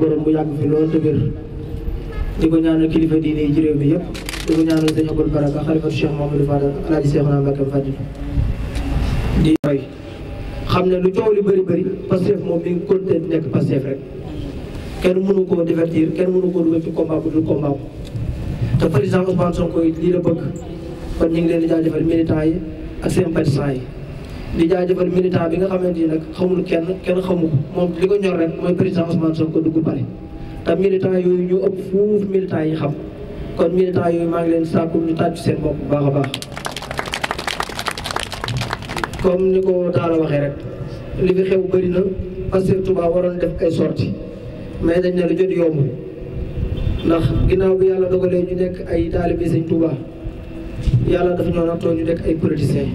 borom bu yàgg fi lool te wér di ko ñaanal kilifa diine yi ci réew yëpp di ko ñaanal sëñ Abdou Baraka xalifatu Cheikh Mamadou Fadal alaaji Cheikh naa Mbacke Fadil di roy xam ne lu coow li bëri bëri Pastef moom mi ngi continué nekk Pastef rek kenn mënu koo divertir kenn mënu koo dugal ci combat bu dul combat te président Ousmane Sonko lii la bëgg kon ñu ngi leen di jaajëfal militants yi ak seen partisans yi di jaajëfal militant bi nga xamante ni nag xamul kenn kenn xamu ko moom li ko ñor rek mooy président Ousmane Sonko dugg pare te militant yooyu ñu ëpp fuuf militant yi xam kon militant yooyu maa ngi leen sàkku ñu tàccu seen bopp bu baax a baax comme ni ko daala waxee rek li fi xew bëri na parce que Touba waroon def ay sorti mais dañ ne lu jot yomb ndax ginnaaw bi yàlla dogalee ñu nekk ay taalibe Sëñ Touba yàlla dafa ñoo natoo ñu nekk ay politiciens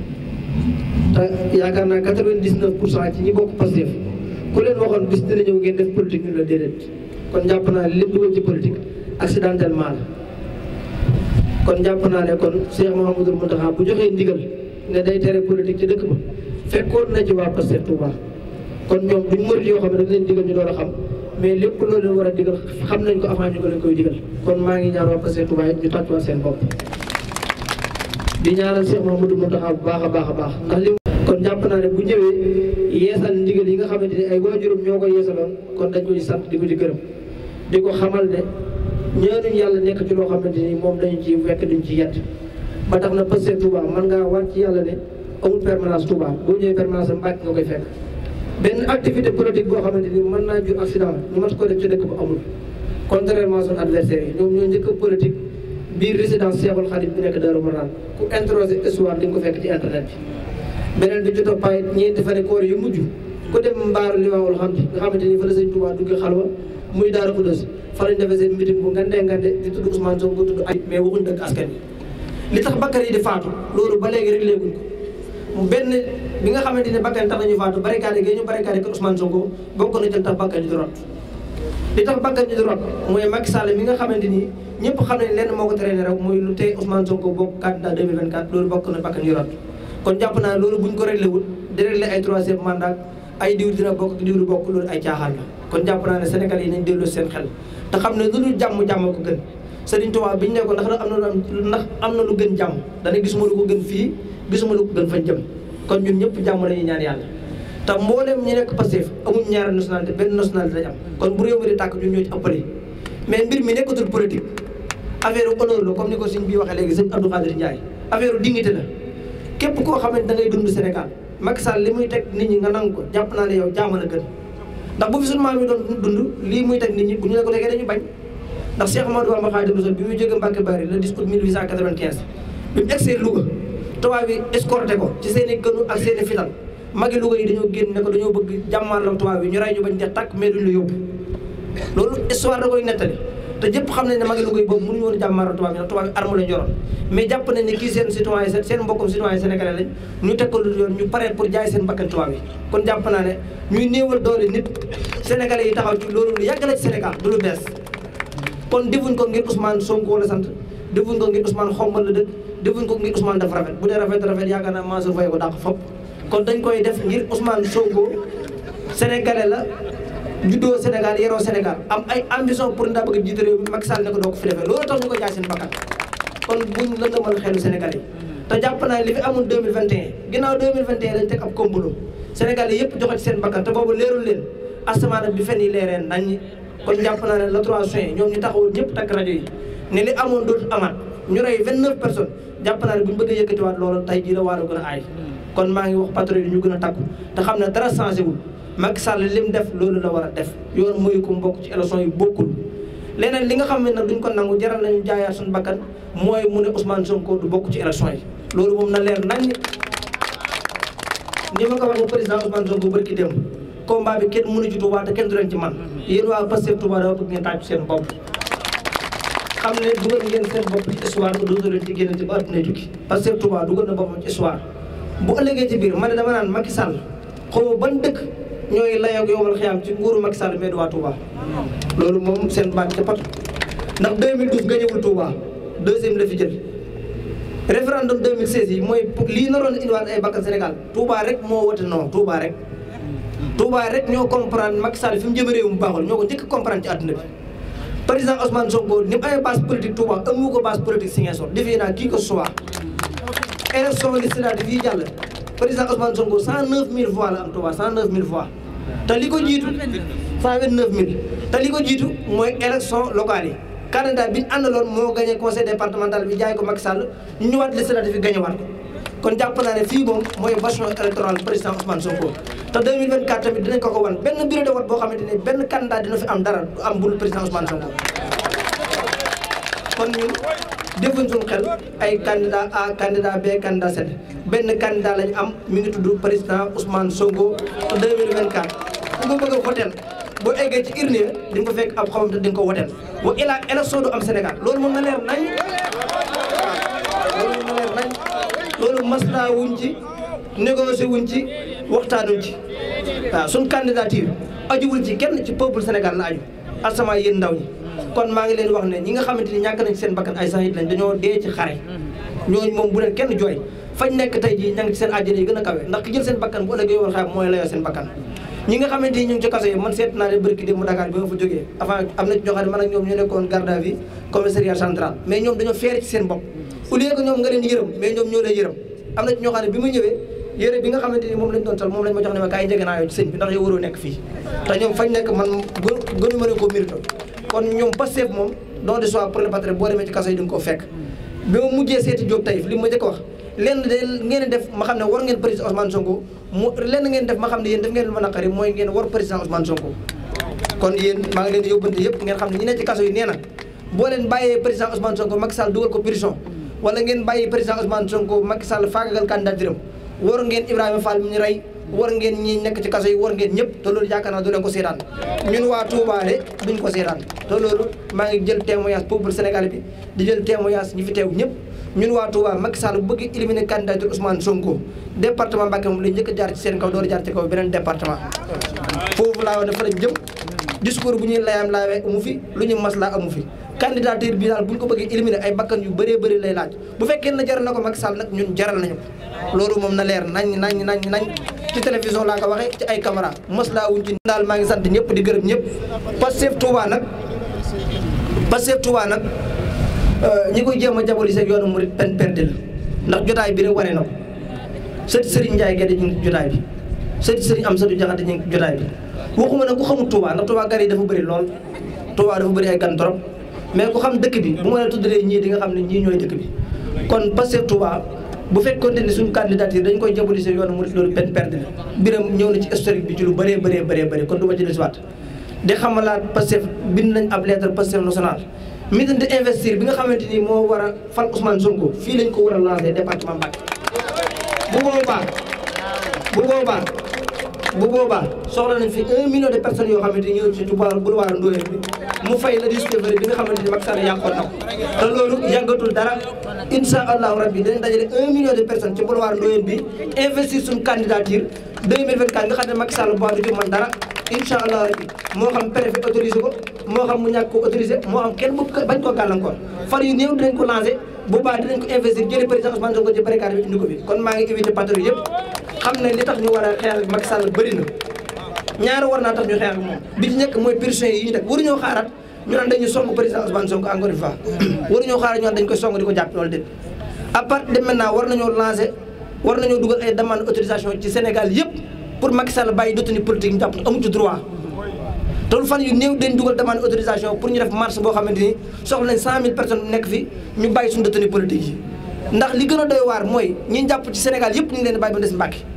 te yaakaar naa 99 pour cent ci ñi bokk Pastef ku leen waxoon bis dina ñëw ngeen def politique ñu la déedéet kon jàpp naa lépp dugal ci politique accidentellement la kon jàpp naa ne kon Cheikh Mouhamadul Mountakha bu joxee ndigal ne day tere politique ci dëkk ba fekkoon na ci waa Pastef Touba kon ñoom duñ murit yoo xam ne dañ leen digal ñu door a xam mais lépp loolu leen war a xam nañ ko avant ñu ko leen koy digal kon maa ngi ñaan waa Pastef Touba ñu tàccuwaat seen bopp di ñaanal Cheikh Mamadou Mountakha bu baax a baax a baax ndax li ko jàpp naa ne bu ñëwee yeesal ndigal yi nga xamante ne ay waajuram ñoo ko yeesaloon kon dañ ko ci sant di ko ci gërëm di ko xamal ne ñaanuñ yàlla nekk ci loo xamante ni moom dañu ci wekk ñu ci yett ba tax na pëste Touba mën ngaa waat ci yàlla ne amul permanence Touba boo ñëwee permanence Mbàkke nga koy fekk benn activité politique boo xamante ni mën naa jur accident ñu mën ko def ci dëkk bu amul contrairement suñu adversaire yi ñoom ñoo njëkk politique biir résidence Cheikhoul Khadim bi nekk Darou Marnane ku interroger histoire di nga ko fekk ci internet bi beneen bi ci toppaay ñeenti fane yu mujj ku dem mbaaru liwaawul xam nga xamante ni fa la sëñ Touba dugg xalwa muy Daaru Xudoos fa lañ defee seen meeting bu yi li tax bakkan yi loolu ba léegi rek léeguñ ko benn bi nga xamante ne bakkan tax nañu faatu barricade gi ñu barricade kër Ousmane Sonko di rot li tax bakkan ñu di rot mooy Macky Sall mi nga xamante ni ñëpp xam nañ lenn moo ko traîné rek mooy lu tey Ousmane Sonko bokk candidat 2024 loolu bokk na bakkan ñu kon jàpp naa loolu buñ ko réglé wul di réglé ay troisième mandat ay diw dina bokk diw du bokk loolu ay caaxaan la kon jàpp seen xel te xam ne lu dul jàmm jàmm ko gën Serigne Touba biñ ne ko ndax am na lu ndax am na lu gën jàmm dana gisuma lu ko gën fii gisuma lu ko gën fañ jëm kon ñun ñëpp jàmm lañuy ñaan yàlla te mboolem ñi nekk Pastef amuñ ñaari nationalité benn nationalité lañ am kon bu réew mi di tàkk ñun ñoo ci ëppale mais mbir mi nekkatul la comme ni ko sëñ bi waxee léegi sëñ Abdou Khadir Ndiaye affaire képp koo xamante da ngay dund Sénégal Macky Sall li muy teg nit ñi nga nangu ko jàpp naa ne yow jaamal a gën ndax bu fi sunu maam yi doon dund lii muy teg nit ñi bu ñu la ko tegee dañu bañ ndax Cheikh Amadou Bamba Khadimu Rasuul bi muy jóge Mbacke Bari le 10 août 1895 bi mu egsee Louga tubaab bi escorté ko ci seen i gënu ak seen i magi Louga yi dañoo génn ne ko dañoo bëgg jàmmaarloo tubaab bi ñu rey ñu bañ dee tàkk mais duñ la yóbbu loolu histoire da koy nettali te ñëpp xam ne magi Louga yi boobu mënuñu woon jàmmaarloo jàpp nañ ne kii ñu teg ko lu yoon ñu paree pour jaay seen bakkan tubaab yi kon jàpp naa ne ñuy néewal doole nit sénégalais yi taxaw ci loolu lu yàgg la ci Sénégal du lu bees kon defuñ ko ngir Ousmane Sonko la sant defuñ ko ngir Ousmane dafa rafet bu dee rafet rafet yaakaar naa Mansour Faye ko dàq fop kon dañ koy def ngir Ousmane Sonko sénégalais la juddoo Sénégal yeroo Sénégal am ay ambition pour ndaa bëgg jiite réew mi Macky Sall ne ko doo ko fi defee loolu tax ñu ko jàpp naa li fi amoon 2021 ginnaaw 2021 dañ teg ab kombulo sénégalais yëpp joxe te boobu leerul leen asamaan bi fen yi leereen nañ kon jàpp naa ne le ñu taxawoon ñëpp takk rajo yi ne li amoon dootul amaat ñu rey 29 personnes jàpp naa ne buñ bëgg a yëkkatiwaat loolu tey jii la waaru gën a aay kon maa ngi wax patriote yi ñu gën a takku te xam ne dara changé wul Macky Sall lim def loolu la war a def yoon muy ko mbokk ci élection yi bokkul. leneen li nga xam ne nag duñ ko nangu jaral nañu jaayaat suñu bakkan mooy mu ne Ousmane Sonko du bokk ci élection yi loolu moom na leer nan ni ma ko waxee président Ousmane Sonko barki démb combat bi kenn mënu ci Touba te kenn du leen ci man yéen waa Pastef Touba dafa bëgg ngeen tàcc xam ne dugal ngeen seen bopp ci histoire ko dootu na boppam bu ëllëgé ci biir man dama naan Macky Sall xaw ban dëkk lay ak yowal xiyam ci nguuru Macky Sall mais wa Touba. loolu mom seen baat ci pat ndax 2012 gañewul Touba deuxième la fi jël. référendum 2016 yi moy li na ron indiwaat ay bakkan Sénégal Touba rek mo wëté non Touba rek. Touba rek ñoo comprendre Macky Sall fi mu jëm réew mu baaxul ñoo ko njëkk comprendre ci aduna bi. président Ousmane Sonko ni ay amee base politique Touba amu ko base politique Ziguinchor defe naa kii ko soir xëy na sama liste daal di fii jàll président Ousmane Sonko 109000 voix la am Touba 109000 voix te li ko jiitu 129000 te li ko jiitu mooy élection locale yi. candidat bi ñu àndaloon moo gagné conseil départemental bi jaay ko Macky Sall ñu ñëwaat liste daal di fi gagné waat ko kon jàpp naa ne fii moom mooy version électorale président Ousmane Sonko. te 2024 tamit dinañ ko ko wan benn bureau de vote boo xamante ne candidat dina fi am dara am bul président Ousmane Sonko kon ñun. defuñ suñ xel ay candidat A candidat B candidat C benn candidat lañ am mi ngi tudd président Ousmane Sonko 2024 ku ko bëgg a woteel boo eggee ci urne di nga ko fekk ab xamam te di ko woteel wa ilaa élection du am Sénégal loolu moom na leer nañ loolu moom na leer nañ loolu maslaa wuñ ci négocier wuñ ci waxtaanuñ ci waaw suñ candidature ajuwul ci kenn ci peuple Sénégal la aju asamaa yéen ndaw ñi kon maa ngi leen wax ne ñi nga xamante ni ñàkk nañ seen bakkan ay sahid lañ dañoo dee ci xare ñooñu moom bu leen kenn jooy fañ nekk tey a am na ci ñoo xam ne man ak ñoom ñu nekkoon garde à nga xamante ne ma kaay njëgënaayoo ci sëñ bi ndax yow waroo nekk man gënu ma ne kon ñoom Pastef moom don de soit pour le patriote boo demee kaso yi di ko fekk bi ma mujjee seeti Diop Taïf li ma njëkk wax lenn de ngeen def ma xam ne war ngeen président Ousmane Sonko mu ma xam ne yéen def ngeen lu ma kon yéen maa ngi leen di yóbbante yëpp ngeen xam ne ñi ne kaso yi nee na boo leen bàyyee président Ousmane Sonko Macky Sall dugal ko prison wala ngeen bàyyi président Ousmane Sonko Macky Sall faagagal candidature am war ngeen Ibrahima Fall mi ñu rey war ngeen ñi nek ci kasso yi war ngeen ñep te lolu yakana du len ko seetaan ñun wa Touba de buñ ko seetaan te lolu ma ngi jël témoignage peuple sénégalais bi di jël témoignage ñi fi tew ñep ñun wa Touba Macky Sall bëgg éliminer candidat Ousmane Sonko département Mbacké moom la njëkk jaar ci seen kaw door jaar ci kaw benen département fofu la wone fa la jëm discours bu ñuy layaam laawee amu fi lu ñu masla amu fi candidature bi dal buñ ko bëgg éliminer ay bakkan yu bëré bëré lay laaj bu fekké na jaral nako Macky Sall nak ñun jaral nañu lolu mom na leer nañ nañ nañ nañ ci télévision laa ko waxee ci ay caméra mos wuñ ci daal maa ngi sant ñëpp di gërëm ñëpp Pastef Touba nag Pastef Touba nag euh, ñi koy jéem a jaboli seeg yoonu murit pen perte la ndax jotaay bi rek wane na ko sëti Serigne Ndiaye ñu ngi jotaay bi sëti Serigne am sëti Jaxate ñu ngi jotaay bi waxuma ne ku xamul Touba ndax Touba gar yi dafa bëri lool Touba dafa bëri ay gan trop mais ku xam dëkk bi bu ma tudd tuddalee ñii di nga xam ne ñii ñooy dëkk bi kon Pastef Touba bu fekkoonte ne suñu candidature dañ koy diaboliser yoonu murid loolu benn perte la biram ñëw na ci historique bi ci lu bëree bëree bëree bëri kon du ma ci dellusiwaat di xamalaat Pastef bind nañ ab lettre Pastef national meeting di investir bi nga xamante ni moo war a fal Ousmane Sonko fii lañ ko war a lancé département Mbacké bu boobaa bu boobaa bu boobaa soxla nañ fi un million de personnes yoo xamante ni ñëw ci boulevard boulevard Ndoye bi mu fay le 10 février bi nga yàqoon na ko te loolu dara incha allahu rabbi dañ dajale un million de personnes ci boulevard Ndoye bi investir suñu candidature 2024 nga xam ne Macky Sall bu du ci mën dara incha allah rabbi moo xam préfet autorisé ko moo xam mu ñàkk ko autorisé moo xam kenn bañ koo gàllankoor far yu néew ko lancé bu xam ne li tax ñu war a xeex ak Macky Sall bëri na ñaari war naa tax ñu xeex ak moom bi ci nekk mooy na yi ñu teg waruñoo xaaraat ñu naan dañuy song président mm. ñu naan de maintenant war nañoo lancer dugal ay demande ci Sénégal yëpp pour Macky Sall bàyyi détenu politique ñu jàpp amu ci droit te fan xamante ni soxla nañ 100000 personnes nekk fi ñu bàyyi suñu détenu politique yi ndax li a doy waar mooy ñi jàpp ci Sénégal yëpp ñu ngi leen bàyyi ba des Mbàkke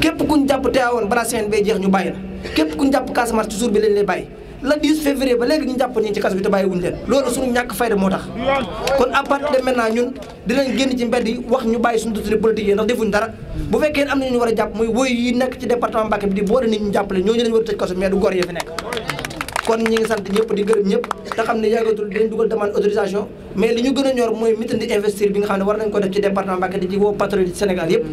képp ku ñu jàpp teewoon balaa semaine bay jeex ñu bàyyi la képp ku ñu jàpp Casamance ci jour bi lañ lay bàyyi le 10 février ba léegi ñu jàpp ñi ci kaso bi te bàyyi wuñ leen loolu suñu ñàkk fayda moo tax kon à partir ñun dinañ génn ci mbedd yi wax ñu bàyyi suñu tuturi politique yi ndax defuñ dara bu fekkee am nañu war a jàpp muy woy yi nekk ci département Mbacké bi di boole nit ñu jàppale ñooñu lañ war a tëj kaso mais ñëpp di ñëpp xam ne yàggatul dinañ dugal demande autorisation mais li ñu gën a ñor mooy mitin di investir bi nga xam ne war nañ ko def ci département Mbacké di ci woo patriote Sénégal yëpp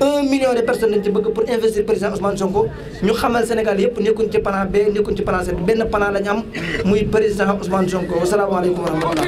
un million de personnes lañ ci bëgg pour investir président Ousmane Sonko ñu xamal Sénégal yëpp nekkuñ ci plan benn plan la am muy président Ousmane Sonko wasalaamaaleykum wa rahmatullah